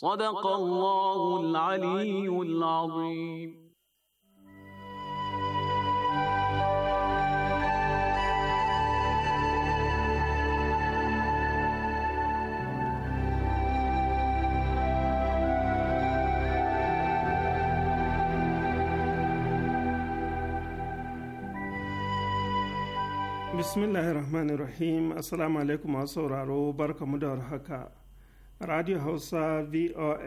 صدق الله العلي العظيم بسم الله الرحمن الرحيم السلام عليكم ورحمه الله وبركاته radio hausa voh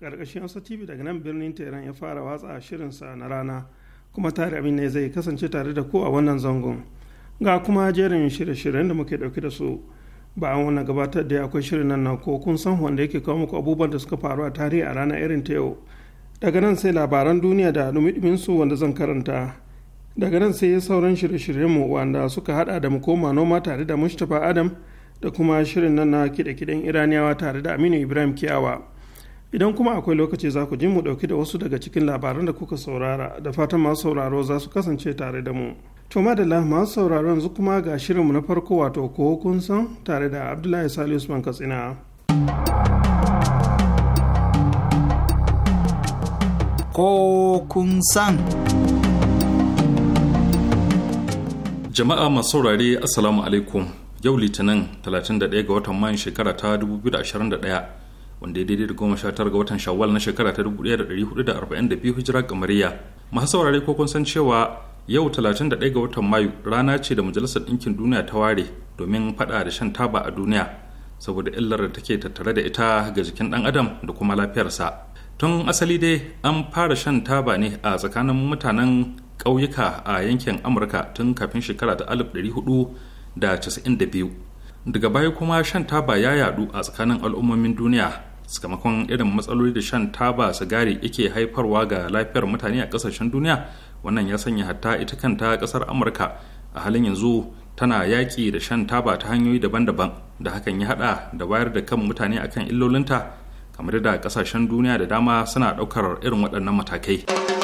ƙarƙashin hausa tv daga nan birnin tehran ya fara watsa shirinsa na rana kuma tare amin ne zai kasance tare da ku a wannan zangon ga kuma jerin shirye-shiryen da muke ɗauke da su ba an wani gabatar da akwai shirin nan na ko kun san wanda yake kawo muku abubuwan da suka faru a tarihi a rana irin ta yau daga nan sai labaran duniya da dumi su wanda zan karanta daga nan sai sauran shirye-shiryenmu wanda suka haɗa da mu koma noma tare da mustapha adam da kuma shirin nan na kiɗe-kiɗen iraniyawa tare da aminu ibrahim kiyawa idan kuma akwai lokaci za ku ji mu ɗauki da wasu daga cikin labaran da kuka saurara da fatan masu sauraro za su kasance tare da mu to madalla masu sauraro yanzu kuma ga shirinmu na farko wato ko kun san tare da abdullahi salisu usman katsina ko kun san jama'a masu saurare assalamu alaikum yau litinin 31 ga watan mayan shekara ta 2021 wanda ya daidai da goma sha tara ga watan shawwal na shekara ta 1442 hijira kamariya masu saurare ko kun san cewa yau 31 ga watan mayu rana ce da majalisar ɗinkin duniya ta ware domin faɗa da shan taba a duniya saboda illar da take tattare da ita ga jikin ɗan adam da kuma lafiyarsa tun asali dai an fara shan taba ne a tsakanin mutanen ƙauyuka a yankin amurka tun kafin shekara ta 1400 da biyu daga baya kuma shan taba ya yadu a tsakanin al'ummomin duniya sakamakon irin matsaloli da shan taba sigari yake haifarwa ga lafiyar mutane a kasashen duniya wannan ya sanya hatta ita kanta kasar amurka a halin yanzu tana yaƙi da shan taba ta hanyoyi daban-daban da hakan ya haɗa da wayar da kan mutane akan illolinta kamar da kasashen duniya da dama suna ɗaukar irin waɗannan matakai.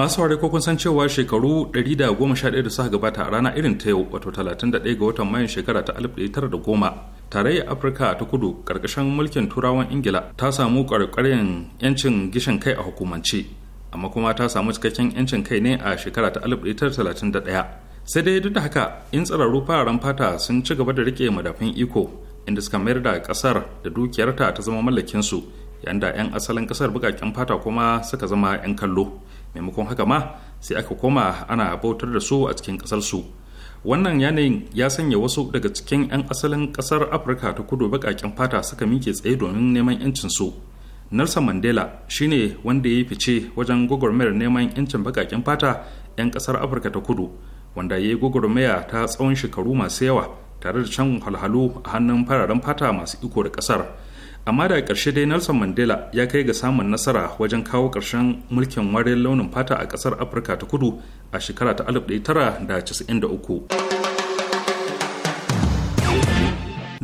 masu ware ko kun san cewa shekaru 111 da suka gabata a rana irin ta yau wato 31 ga watan mayun shekara ta 1910 tarayyar afirka ta kudu karkashin mulkin turawan ingila ta samu ƙwarƙwarin yancin gishin kai a hukumance amma kuma ta samu cikakken yancin kai ne a shekara ta 1931 sai dai duk da haka in tsararru fararen fata sun ci gaba da rike madafin iko inda suka mayar da kasar da dukiyarta ta zama mallakinsu su 'yan asalin kasar bukakin fata kuma suka zama 'yan kallo maimakon haka ma sai aka koma ana bautar da su a cikin su wannan yanayin ya sanya wasu daga cikin 'yan asalin ƙasar afirka ta kudu baƙaƙen fata suka mike tsaye domin neman yancin su nelson mandela shine wanda ya yi fice wajen gwagwarmayar neman 'yancin baƙaƙen fata 'yan ƙasar afirka ta kudu wanda ya yi gwagwarmaya ta tsawon shekaru masu yawa tare da can halhalu a hannun fararen fata masu iko da ƙasar amma daga ƙarshe dai nelson mandela ya kai ga samun nasara wajen kawo ƙarshen mulkin wariyar launin fata a ƙasar afirka ta kudu a shekara ta 1993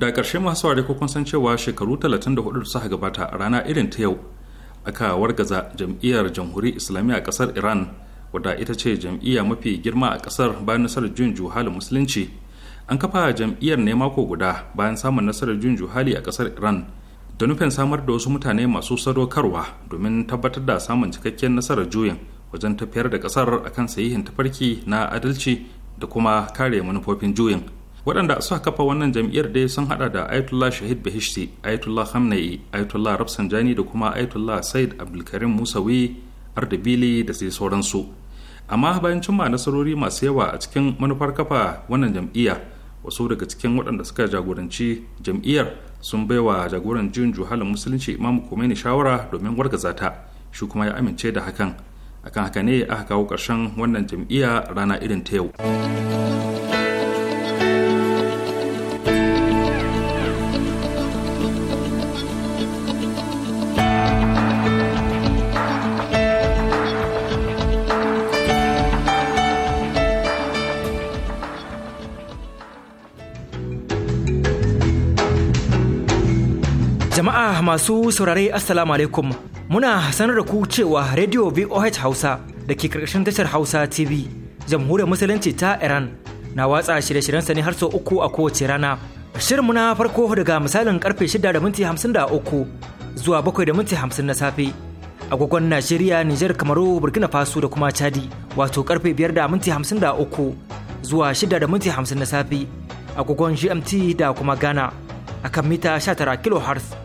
da ƙarshe masu ware kun san cewa shekaru 34 da suka gabata a rana irin ta yau aka wargaza jam'iyyar jamhuri islamiyya a ƙasar iran wadda ita ce jam'iyya mafi girma a ƙasar bayan nasarar jin juhalin musulunci an kafa jam'iyyar ne mako guda bayan samun nasarar jin juhali a ƙasar iran da nufin samar da wasu mutane masu sadaukarwa domin tabbatar da samun cikakken nasarar juyin wajen tafiyar da kasar akan sahihin tafarki na adalci da kuma kare manufofin juyin waɗanda suka kafa wannan jam'iyyar dai sun hada da ayatollah shahid bahishti ayatollah hamnai ayatollah rafsanjani da kuma ayatollah said abdulkarim musawi ardabili da sai sauransu amma bayan cimma nasarori masu yawa a cikin manufar kafa wannan jam'iyya wasu daga cikin waɗanda suka jagoranci jam'iyyar sun baiwa jagoran juyin juhalin musulunci imamu ne shawara domin wargaza ta shi kuma ya amince da hakan akan haka ne aka kawo ƙarshen wannan jam'iyya rana irin ta yau Masu saurare Assalamu alaikum muna sanar da ku cewa Radio VOH Hausa da ke karkashin tashar Hausa TV jamhuriyar musulunci ta Iran na watsa shirye-shiryen ne har sau uku a kowace rana. Shirinmu na farko daga misalin karfe 6:53 da minti zuwa bakwai na safe. Agogon Najeriya, Nijar, Kamaru, Burkina Faso da kuma Chadi wato karfe biyar da minti hamsin zuwa 6:50 na safe. Agogon GMT da kuma Ghana akan mita 19 kHz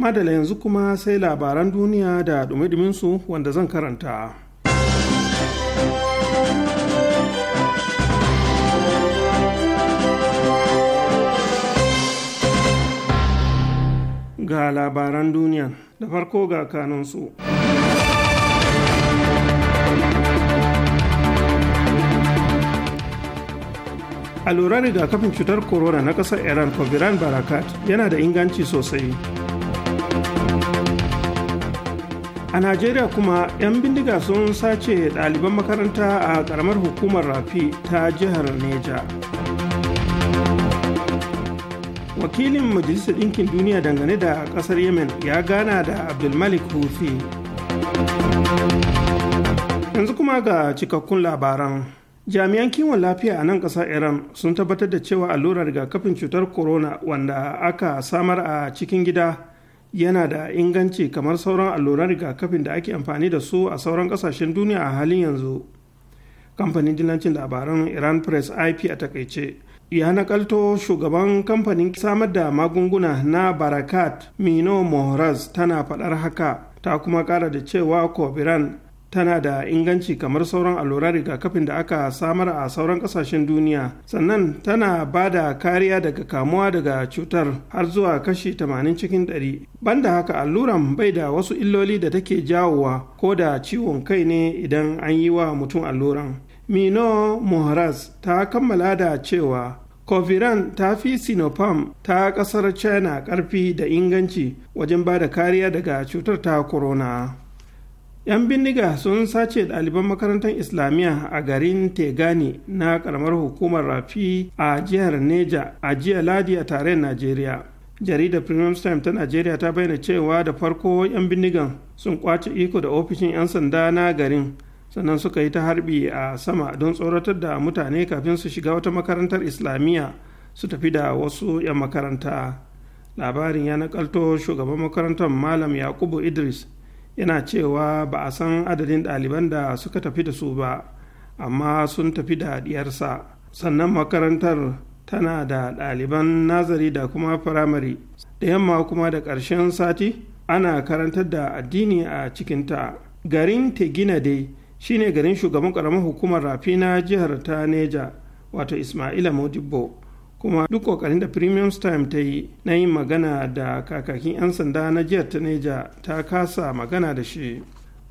madala yanzu kuma sai labaran duniya da dumi wanda zan karanta ga labaran duniya da farko ga kanunsu lura rigakafin cutar corona na ƙasar iran coviran barakat yana da inganci sosai a najeriya kuma 'yan bindiga sun sace ɗaliban makaranta a ƙaramar hukumar rafi ta jihar neja wakilin majalisar ɗinkin duniya dangane da ƙasar yemen ya gana da abdulmalik houthi yanzu kuma ga cikakkun labaran jami'an kiwon lafiya a nan ƙasar iran sun tabbatar da cewa allurar rigakafin cutar corona wanda aka samar a cikin gida yana da inganci kamar sauran alluran rigakafin da ake amfani da su a sauran kasashen duniya a halin yanzu kamfanin dillancin labaran iran press ip a takaice ya nakalto shugaban kamfanin samar da magunguna na barakat mino mohraz tana faɗar haka ta kuma ƙara da cewa kobiran tana da inganci kamar sauran allurar rigakafin da aka samar a sauran kasashen duniya sannan tana ba da kariya daga kamuwa daga cutar har zuwa kashi 80 cikin 100 banda haka alluran bai da wasu illoli da take jawowa ko da ciwon kai ne idan an yi wa mutum alluran mino moharas ta kammala da cewa coviran ta fi sinopharm ta kasar china karfi da inganci wajen ba da kariya daga cutar ta corona. 'yan bindiga sun sace ɗaliban makarantar islamiyya a garin tegani na karamar hukumar rafi a jihar neja a jiya ladi a tarayyar najeriya jaridar premium time ta najeriya ta bayyana cewa da farko 'yan bindigan sun kwace iko da ofishin 'yan sanda na garin sannan suka yi ta harbi a sama don tsoratar da mutane kafin su shiga wata makarantar islamiyya su tafi da wasu 'yan makaranta labarin ya nakalto shugaban makarantar malam yakubu idris yana cewa ba a san adadin ɗaliban da suka tafi da su ba amma sun tafi da ɗiyarsa sannan makarantar tana da ɗaliban nazari da kuma firamare da yamma kuma da ƙarshen sati ana karantar da addini a cikinta garin tegina dai shine garin shugaban ƙaramar hukumar rafi na jihar ta neja wato ismaila modibo kuma duk kokarin da premium time ta yi na yin magana da kakakin 'yan sanda na jihar ta neja ta kasa magana da shi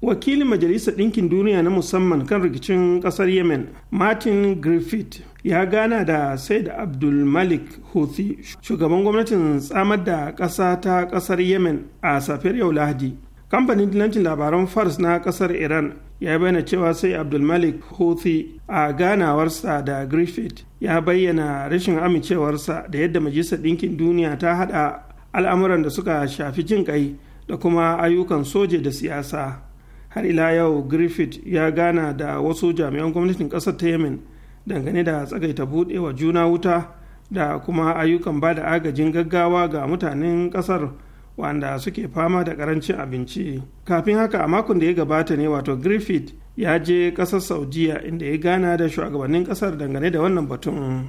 wakilin majalisar ɗinkin duniya na musamman kan rikicin ƙasar yemen martin griffith ya gana da said abdul malik houthi shugaban gwamnatin tsamar da ƙasa ta ƙasar yemen a safiyar yau lahadi kamfanin dilancin labaran fars na kasar iran ya bayyana cewa sai abdulmalik houthi a ganawarsa da griffith ya bayyana rashin amincewarsa da yadda majalisar ɗinkin duniya ta haɗa al'amuran da suka shafi jin kai da kuma ayyukan soje da siyasa har ila yau griffith ya gana da wasu jami'an gwamnatin kasar ta yemen dangane da tsagaita buɗewa juna wuta da kuma ayyukan ba da agajin gaggawa ga mutanen ƙasar wanda suke fama da karancin abinci kafin haka a makon da ya gabata ne wato griffith ya je kasar saudiya inda ya gana da shugabannin kasar dangane da wannan batun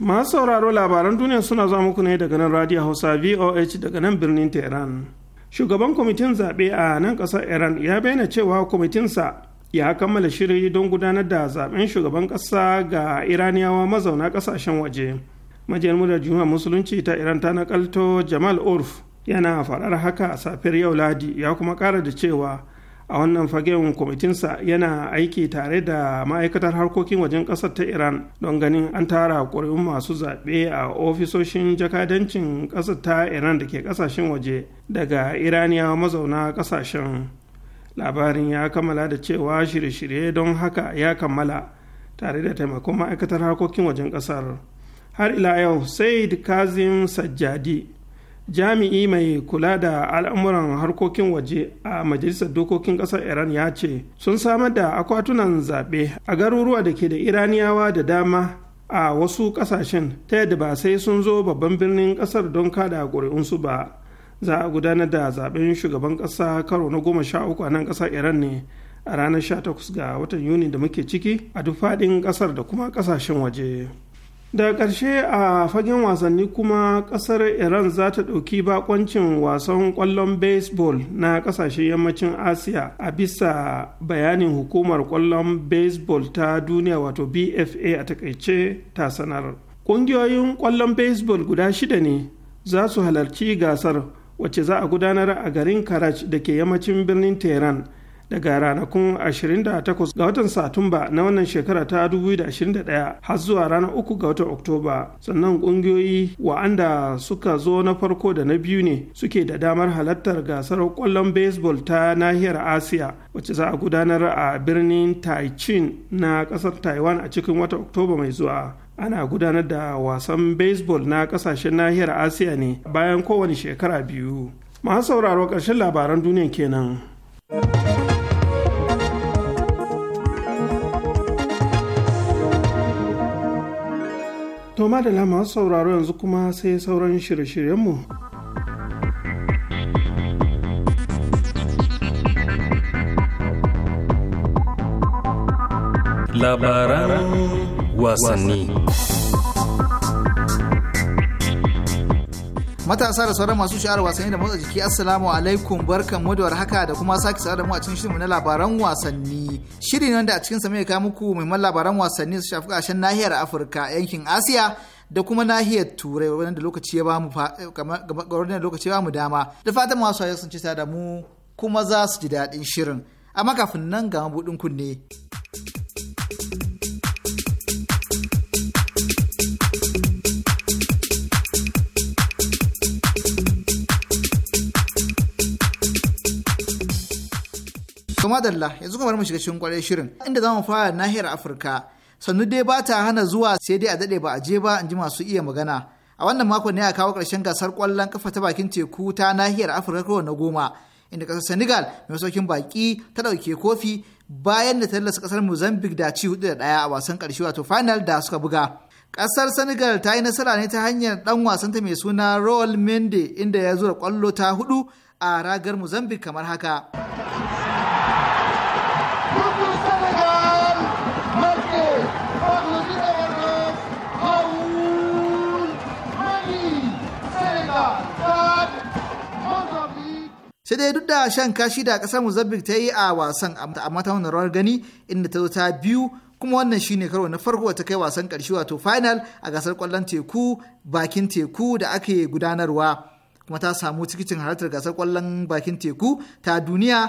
masu sauraro labaran duniya suna zuwa muku ne daga nan radio hausa voh daga nan birnin tehran shugaban kwamitin zaɓe a nan ƙasar iran ya bayyana cewa kwamitinsa ya kammala shiri don gudanar da zaɓen shugaban ƙasa ga iraniyawa mazauna ƙasashen waje majiyar murar juma musulunci ta iran ta nakalto jamal urf yana faɗar haka a safiyar yau ladi ya kuma ƙara da cewa a wannan fagen kwamitinsa yana aiki tare da ma'aikatar harkokin wajen ƙasar ta iran don ganin an tara ƙuri'un masu zaɓe a ofisoshin jakadancin ƙasar ta iran da ke ƙasashen waje daga iraniya mazauna ƙasashen labarin ya kammala da cewa shirye-shirye don haka ya kammala tare da taimakon ma'aikatar harkokin wajen ƙasar har ila yau said kazim sajjadi jami'i mai kula da al'amuran harkokin waje a majalisar dokokin ƙasar iran ya ce sun samar da akwatunan zaɓe a garuruwa da ke da iraniyawa da dama a wasu ƙasashen ta yadda ba sai sun zo babban birnin ƙasar don kada ƙuri'unsu ba za a gudanar da zaɓen shugaban ƙasa karo na goma sha uku a nan ƙasar iran ne a ranar takwas ga watan yuni da muke ciki a duk faɗin ƙasar da kuma ƙasashen waje. da ƙarshe a fagen wasanni kuma ƙasar iran za ta ɗauki bakoncin wasan ƙwallon baseball na ƙasashen yammacin asiya a bisa bayanin hukumar ƙwallon baseball ta duniya wato bfa a takaice ta sanar ƙungiyoyin ƙwallon baseball guda shida ne za su halarci gasar wacce za a gudanar a garin karaj da ke yammacin birnin tehran daga ranakun 28 ga watan satumba na wannan shekara ta 2021 har zuwa ranar uku ga watan oktoba sannan kungiyoyi wa'anda suka zo na farko da na biyu ne suke da damar halartar gasar kwallon baseball ta nahiyar asiya wacce za a gudanar a birnin taichin na kasar taiwan a cikin watan oktoba mai zuwa ana gudanar da wasan baseball na kasashen nahiyar asiya ne bayan kowane shekara biyu masu sauraro ƙarshen labaran duniya kenan. To da masu sauraro yanzu kuma sai sauran shirye-shiryenmu. Labaran wasanni Matasa da sauran masu sha'ar wasanni da motsa jiki Assalamu alaikum barkan mu da haka da kuma sake sa da mu a cikin shirinmu na labaran wasanni. Shirin wanda a cikin mai kawo muku maimakon labaran wasanni su shafi ƙarshen nahiyar Afirka yankin Asiya da kuma nahiyar Turai da lokaci ya bamu lokaci ya bamu dama. Da fatan masu sun ci da mu kuma za su ji daɗin shirin. Amma kafin nan ga mabuɗin kunne. To madalla yanzu kuma mu shiga cikin kwarai shirin inda zamu fara nahiyar Afirka. Sannu dai ba ta hana zuwa sai dai a dade ba a je ba in ji masu iya magana. A wannan makon ne a kawo karshen gasar ƙwallon kafa ta bakin teku ta nahiyar Afirka kawai na goma. Inda kasar Senegal mai saukin baki ta ɗauke kofi bayan da ta lallasa ƙasar Mozambique da ci hudu da ɗaya a wasan karshe wato final da suka buga. Ƙasar Senegal ta yi nasara ne ta hanyar ɗan ta mai suna Roel Mende inda ya zura kwallo ta hudu a ragar Mozambique kamar haka. sai dai duk da shan kashi da kasar mozambique ta yi a wasan amma ta wani rawar gani inda ta zo ta biyu kuma wannan shine karo na farko ta kai wasan karshe wato final a gasar kwallon teku bakin teku da ake gudanarwa kuma ta samu tikitin halartar gasar kwallon bakin teku ta duniya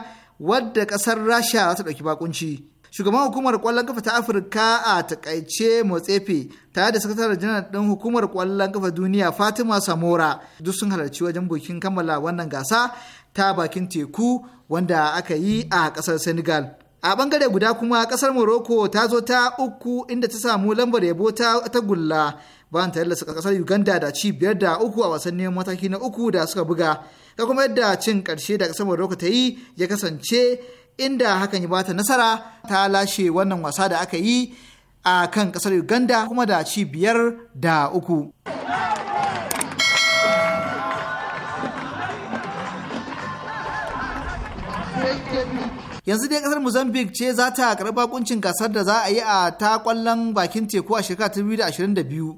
wadda kasar rasha za ta ɗauki bakunci shugaban hukumar kwallon kafa ta afirka a takaice motsefe tare da sakatare janar ɗin hukumar kwallon kafa duniya fatima samora duk sun halarci wajen bukin kammala wannan gasa ta bakin teku wanda aka yi a ƙasar Senegal. A ɓangare guda kuma ƙasar Morocco ta zo ta uku inda ta samu lambar yabo ta gulla bayan ta lallasa ƙasar Uganda da ci biyar da uku a wasannin mataki na uku da suka buga. Ka kuma yadda cin ƙarshe da ƙasar Morocco ta yi ya kasance inda hakan ya bata nasara ta lashe wannan wasa da aka yi a kan ƙasar Uganda kuma da ci biyar da uku. yanzu dai kasar mozambique ce za ta karɓi bakuncin gasar da za a yi a ta kwallon bakin teku a shekara ta 2022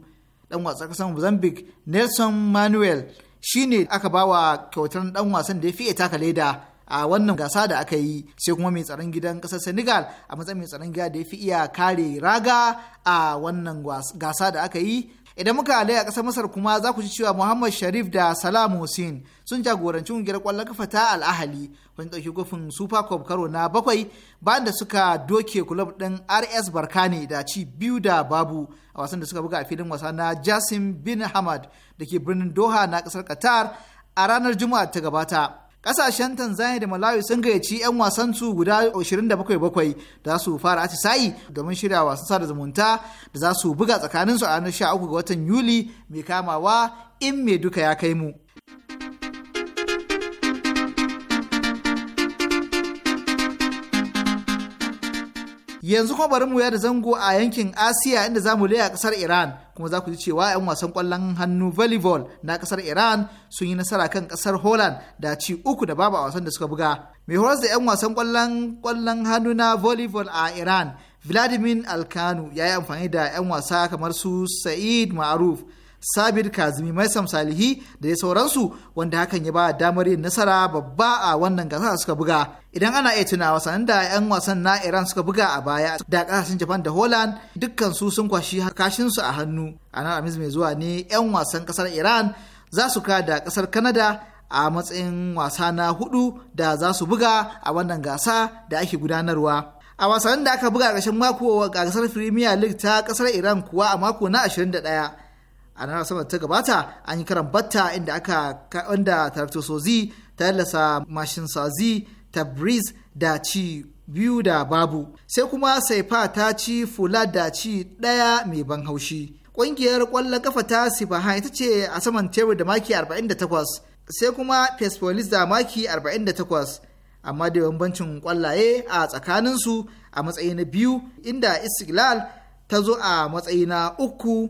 dan wasan kasar mozambique nelson manuel shine aka bawa kyautar dan wasan da ya fiye taka leda a wannan gasa da aka yi sai kuma mai tsaron gidan kasar senegal a matsayin mai tsaron gida da ya fi iya kare raga a wannan gasa da aka yi idan muka alai a ƙasar masar kuma za ku ji cewa muhammad sharif da salam hussein sun jagoranci ƙungiyar ƙwallon kafa ta al'ahali wani ɗauki kofin super cup karo na bakwai bayan da suka doke kulob ɗin rs barkane da ci biyu da babu a wasan da suka buga a filin wasa na jasim bin hamad da ke birnin doha na ƙasar qatar a ranar juma'a ta gabata kasashen tanzania da malawi sun gayyaci 'yan wasan su guda 27 da su fara atisayi domin shirya wasan sada zumunta da za su buga tsakaninsu a ranar 13 ga watan yuli mai kamawa in mai duka ya kai mu. yanzu kuma bari mu ya da zango a yankin asiya inda zamu mu a kasar iran kuma za ku ji cewa 'yan wasan kwallon hannu volleyball na kasar iran sun yi nasara kan kasar holland da ci uku da babu a wasan da suka buga mai horas da 'yan wasan kwallon hannu na volleyball a iran vladimir alkanu ya yi amfani da 'yan wasa kamar su sa'id ma'aruf sabir kazimi mai salihi da ya sauransu wanda hakan ya ba damar yin nasara babba a wannan gasar suka buga idan ana iya tuna wasan da 'yan wasan na iran suka buga a baya da kasashen japan da holland dukkan su sun kwashi kashinsu a hannu a nan amis mai zuwa ne 'yan wasan kasar iran za su ka da kasar canada a matsayin wasa na hudu da za su buga a wannan gasa da ake gudanarwa a wasannin da aka buga a ƙarshen mako a gasar premier league ta kasar iran kuwa a mako na da ɗaya. a ranar sama ta gabata an yi karan batta inda aka wanda tarabto sozi ta yallasa mashin ta breeze da ci biyu da babu sai kuma saifa ta ci fula da ci ɗaya mai ban haushi ƙungiyar ƙwallon kafa ta sifaha ita ce a saman tebur da maki 48 sai kuma fesfolis da maki 48 amma da bambancin ƙwallaye a tsakaninsu a matsayi na biyu inda istiklal ta zo a matsayi na uku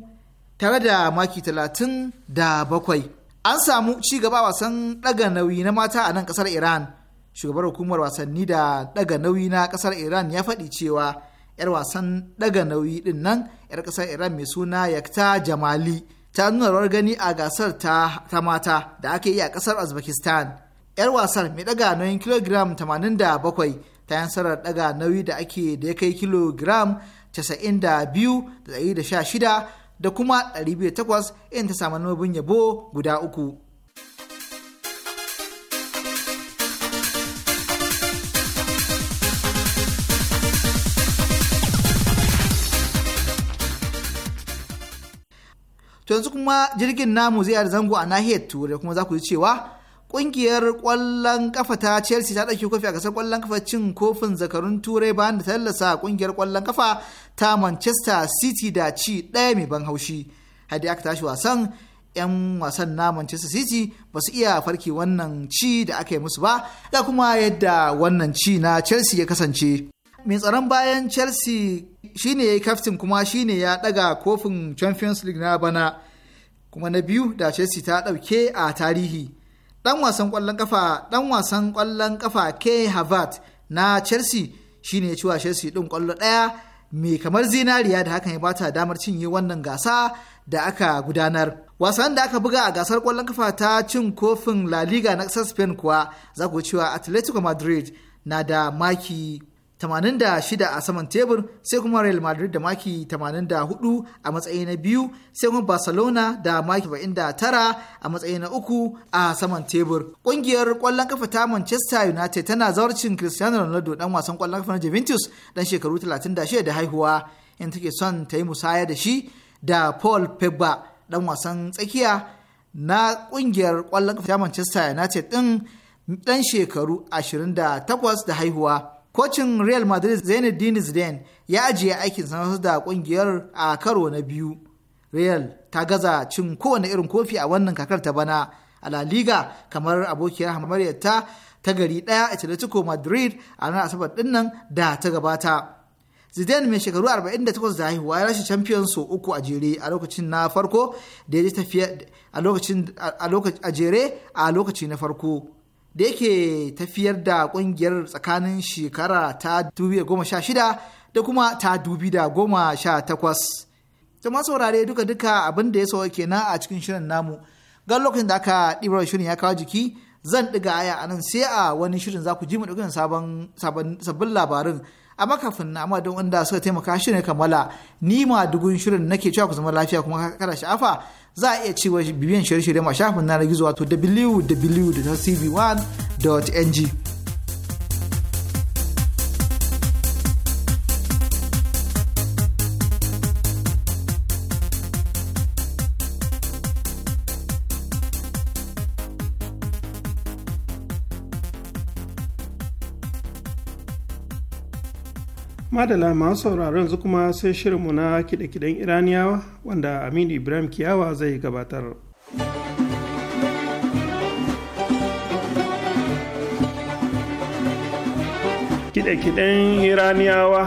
tare da maki talatin da bakwai. An samu ci gaba wasan ɗaga nauyi na mata a nan ƙasar Iran. Shugabar hukumar wasanni da ɗaga nauyi na ƙasar Iran ya faɗi cewa 'yar wasan ɗaga nauyi ɗin nan 'yar ƙasar Iran mai suna Yakta Jamali ta nuna rawar gani a gasar ta, mata da ake yi a ƙasar Uzbekistan. 'Yar wasan mai ɗaga nauyin kilogiram 87 ta nasarar ɗaga nauyi da ake da ya kai kilogiram da shida. da kuma 208 in ta samu nobin yabo guda uku. To yanzu kuma jirgin namu zai zango a nahiyar turai kuma za ku ji cewa Ƙungiyar ƙwallon kafa ta Chelsea ta ɗauki kofi a gasar ƙwallon kafa cin kofin zakarun Turai bayan da tallasa ƙungiyar ƙwallon kafa ta Manchester City da ci ɗaya mai ban haushi. Hadi aka tashi wasan 'yan wasan na Manchester City ba su iya farke wannan ci da aka yi musu ba, da kuma yadda wannan ci na Chelsea ya kasance. Mai tsaron bayan Chelsea shine ya yi kaftin kuma shine ya ɗaga kofin Champions League na bana, kuma na biyu da Chelsea ta ɗauke a tarihi. dan wasan kwallon kafa dan wasan kwallon kafa K Havertz na Chelsea shine ya ci wa Chelsea din kwallo ɗaya mai kamar zinariya da hakan ya bata damar cinye wannan gasa da aka gudanar. Wasan da aka buga a gasar kwallon kafa ta cin kofin La Liga na kasar Spain kuwa za ku cewa Atletico Madrid na da maki 86 a saman tebur sai kuma Real Madrid da maki 84 a matsayi na biyu sai kuma Barcelona da maki 79 a matsayi na uku a saman tebur. Ƙungiyar ƙwallon kafa ta Manchester United tana zawarcin Cristiano Ronaldo dan wasan kwallon kafa na Juventus dan shekaru 36 da haihuwa in take son ta yi musaya da shi da Paul Pogba dan wasan tsakiya na ƙungiyar kwallon kafa ta Manchester United din dan shekaru 28 da haihuwa. kocin real madrid zinedine zidane ya ajiye aikin sanarwa da kungiyar a karo na biyu real ta gaza cin kowane irin kofi a wannan kakar ta bana a la liga kamar abokiyar hamariyar ta ta gari daya atletico madrid a ranar asabar dinnan da ta gabata zidane mai shekaru 48 da haihuwa ya rashi champion so uku a jere a lokacin na farko da ya tafiya a lokacin a jere a lokaci na farko da yake tafiyar da kungiyar tsakanin shekara ta 2016 da kuma ta 2018. Tuma saurare duka-duka abin da ya sawa kenan a cikin shirin namu. Ga lokacin da aka ɗibar shirin ya kawo jiki zan ɗiga aya a nan sai a wani shirin za ku ji mu sabbin labarin. amma kafin na amma don wanda suka taimaka shirin kammala ni ma dugun shirin nake cewa ku zama lafiya kuma kada sha'afa za a iya cewa bibiyan shirye-shirye ma shafin na gizo wato wwwcb 1ng madala masu sauraron yanzu kuma sai shirinmu na kide-kiden iraniyawa wanda aminu ibrahim kiyawa zai gabatar kide-kiden iraniyawa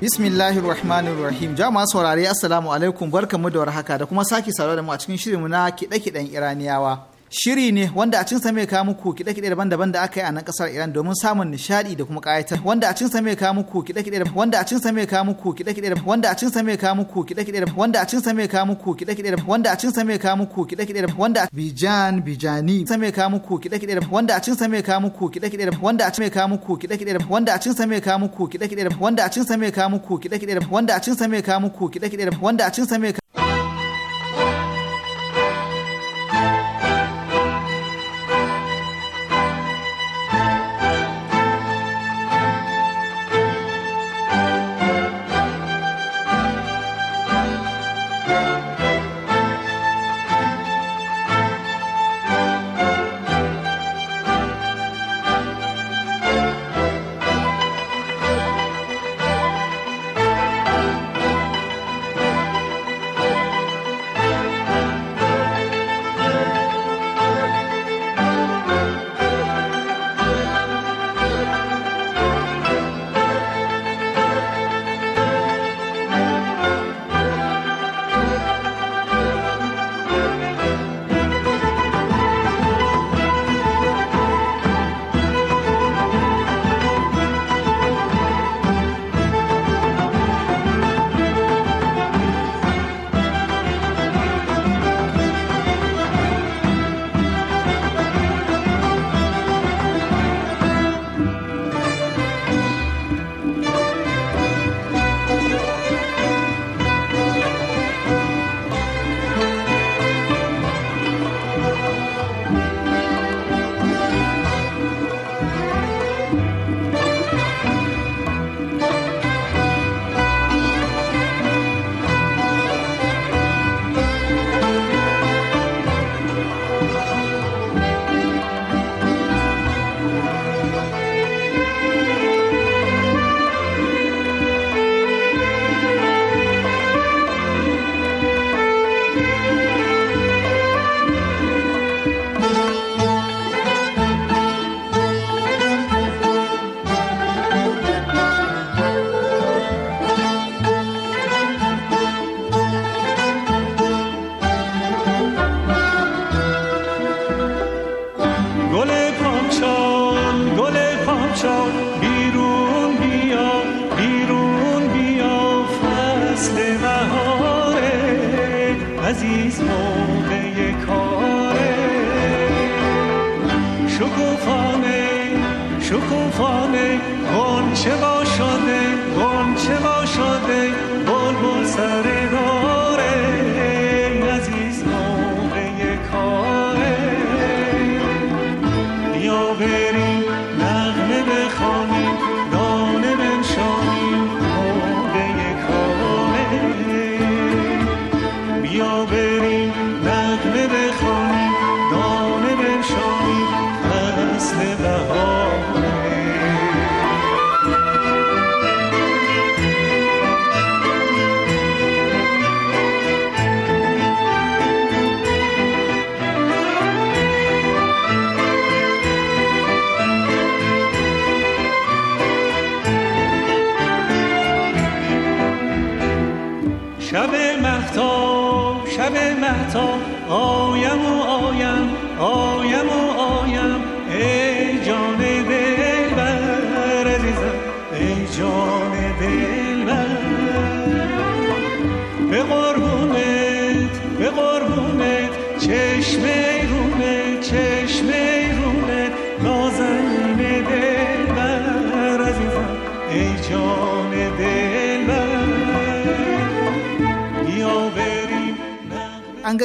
Bismillahir Rahmanir Rahim. Jama'a saurare Assalamu alaikum barkamu da warhaka da kuma sake saurare da mu a cikin shirinmu na kide-kiden Iraniyawa. shiri ne wanda a cin sa mai kawo muku kide-kide daban-daban da aka yi a nan kasar Iran domin samun nishadi da kuma ƙayatar wanda a cin sa mai kawo muku kide-kide wanda a cin sa mai kawo muku kide-kide wanda a cin sa mai kawo muku kide-kide wanda a cin sa mai kawo muku kide-kide wanda a cin sa mai kawo muku kide-kide wanda Bijan Bijani sa mai kawo muku kide-kide wanda a cin sa mai kawo muku kide-kide wanda a cin mai kawo muku kide-kide wanda a cin sa mai kawo muku kide-kide wanda a cin sa mai kawo muku kide-kide wanda a cin sa mai kawo muku kide-kide wanda a cin sa mai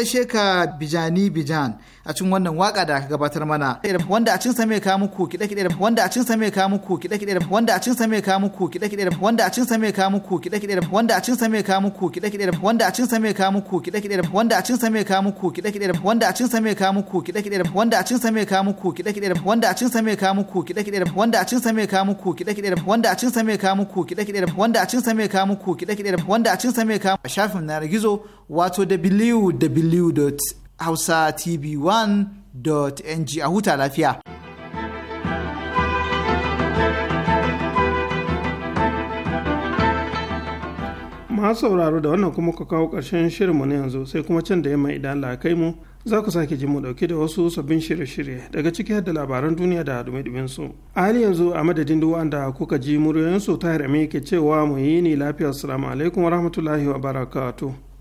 gaishe ka Bijani Bijan a cikin wannan waka da aka gabatar mana wanda a cikin same muku kide kide wanda a cikin muku kide kide wanda a cikin muku kide kide wanda a cikin muku kide kide wanda a cikin muku kide kide wanda a cikin muku kide kide wanda a cikin muku kide kide wanda a cikin muku kide kide wanda a cikin muku kide kide wanda a cikin muku kide kide wanda a cikin muku kide kide wanda a cikin muku kide kide wanda a cikin muku kide kide wanda a cikin shafin na gizo wato www.hausatv1.ng a huta lafiya. Ma sauraro da wannan kuma ka kawo ƙarshen shirinmu na yanzu sai kuma can da yamma idan Allah kai mu za ku sake ji mu dauke da wasu sabbin shirye-shirye daga ciki da labaran duniya da dumi su a hali yanzu a madadin duk wanda kuka ji su ta harame ke cewa mu yi ni lafiya assalamu alaikum wa rahmatullahi wa barakatuh